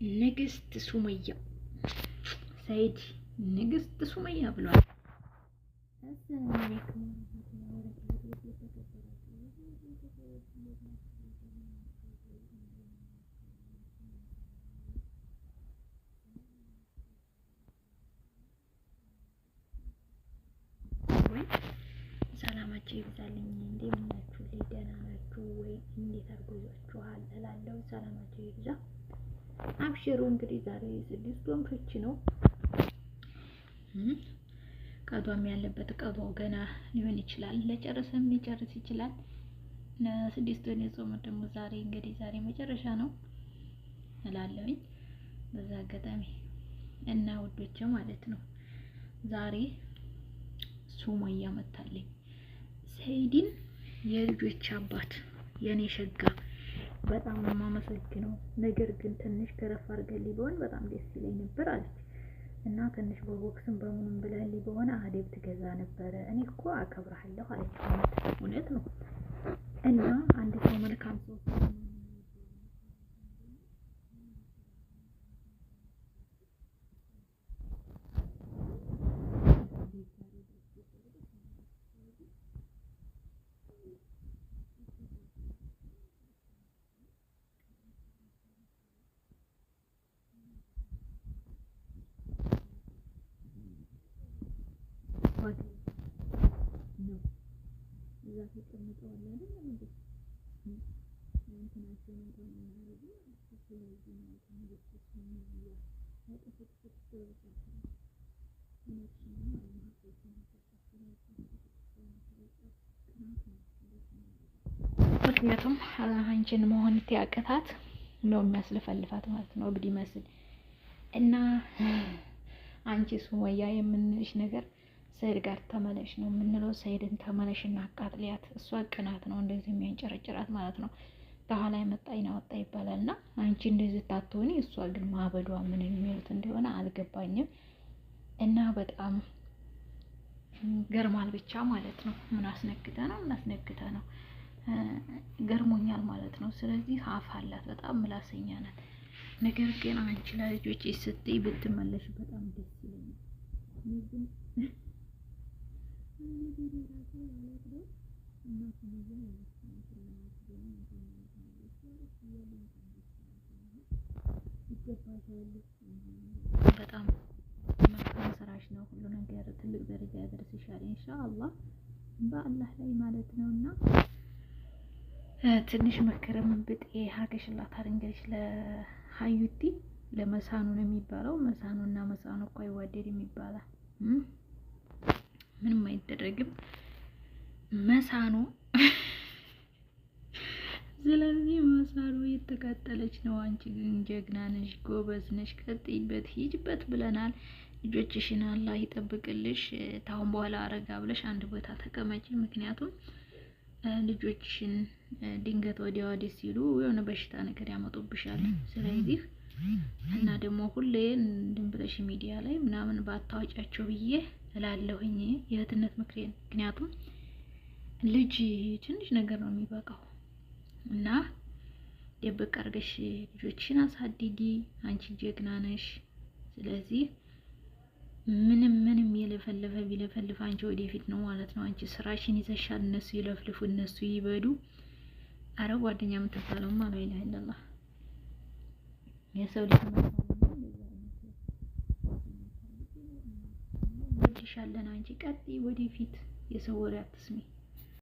ንግስት ሱመያ ሰይድ ንግስት ሱመያ ብሏል። ሰላማችሁ ይብዛልኝ። እንደምን ናችሁ? ደህና ናችሁ ወይ? እንዴት አርጎዟችኋል እላለሁ። ሰላማችሁ ይብዛ። አብሽሩ እንግዲህ ዛሬ ስድስት ወም ፍቺ ነው። ቀዷም ያለበት ቀዶ ገና ሊሆን ይችላል። ለጨረሰም ሊጨርስ ይችላል። ለስድስት ወን የጾመ ደግሞ ዛሬ እንግዲህ ዛሬ መጨረሻ ነው እላለሁኝ በዛ አጋጣሚ እና ውዶች ማለት ነው ዛሬ ሱመያ መታለኝ ሰይድን የልጆች አባት የኔ ሸጋ በጣም ነው የማመሰግነው፣ ነገር ግን ትንሽ ገረፍ አድርገልኝ ቢሆን በጣም ደስ ይለኝ ነበር አለች እና ትንሽ በቦክስም በምንም ብለህልኝ በሆነ አደብ ትገዛ ነበረ። እኔ እኮ አከብረሃለሁ አለች። እውነት ነው እና አንድ ሰው መልካም ሰው ነው። እዛ ተቀምጠዋል ምክንያቱም አንቺን መሆን ያቅታት ነው የሚያስለፈልፋት ማለት ነው። እብድ ይመስል እና አንቺ ሱመያ የምንልሽ ነገር ሰይድ ጋር ተመለሽ ነው የምንለው። ሰይድን ተመለሽ እና አቃጥሊያት። እሷ ቅናት ነው እንደዚህ የሚያንጨረጭራት ማለት ነው። ከኋላ የመጣ አይና ወጣ ይባላል እና አንቺ እንደዚህ ታትሆኒ፣ እሷ ግን ማበዷ ምን የሚሉት እንደሆነ አልገባኝም። እና በጣም ገርማል ብቻ ማለት ነው። ምን አስነግተ ነው ምን አስነግተ ነው ገርሞኛል ማለት ነው። ስለዚህ አፍ አላት፣ በጣም ምላሰኛ ናት። ነገር ግን አንቺ ለልጆች ስትይ ብትመለሽ በጣም ደስ ይለኛል። በጣም መልካም ስራሽ ነው። ሁሉ ነገር ትልቅ ደረጃ ያደርስሻል ኢንሻአላህ በአላህ ላይ ማለት ነው እና ትንሽ መከረም ብጤ ሀገሽላታል እንግዲህ ለሀዩቲ ለመሳኑ ነው የሚባለው። መሳኑ እና መሳኑ እኮ አይዋደድም ይባላል። ምንም አይደረግም። መሳኖ ስለዚህ መሳኖ የተቃጠለች ነው። አንቺ ግን ጀግና ነሽ፣ ጎበዝ ነሽ፣ ቀጥይበት፣ ሂጅበት ብለናል። ልጆችሽን አላህ ይጠብቅልሽ። ታሁን በኋላ አረጋ ብለሽ አንድ ቦታ ተቀመጪ። ምክንያቱም ልጆችሽን ድንገት ወዲያ ወዲህ ሲሉ የሆነ በሽታ ነገር ያመጡብሻል። ስለዚህ እና ደግሞ ሁሌ ድንብለሽ ሚዲያ ላይ ምናምን ባታወጫቸው ብዬ እላለሁኝ የእህትነት ምክሬን ምክንያቱም ልጅ ትንሽ ነገር ነው የሚበቃው እና ደብቅ አድርገሽ ልጆችን አሳድጊ። አንቺ ጀግና ነሽ። ስለዚህ ምንም ምንም የለፈለፈ ቢለፈልፍ አንቺ ወደፊት ነው ማለት ነው። አንቺ ስራሽን ይዘሻል። እነሱ ይለፍልፉ፣ እነሱ ይበዱ። አረ ጓደኛ የምትባለው ማ ነው ኢላህ ኢላላ የሰው ልጅ ወድሻለን። አንቺ ቀጥ ወደፊት የሰው ወሬ አትስሚ።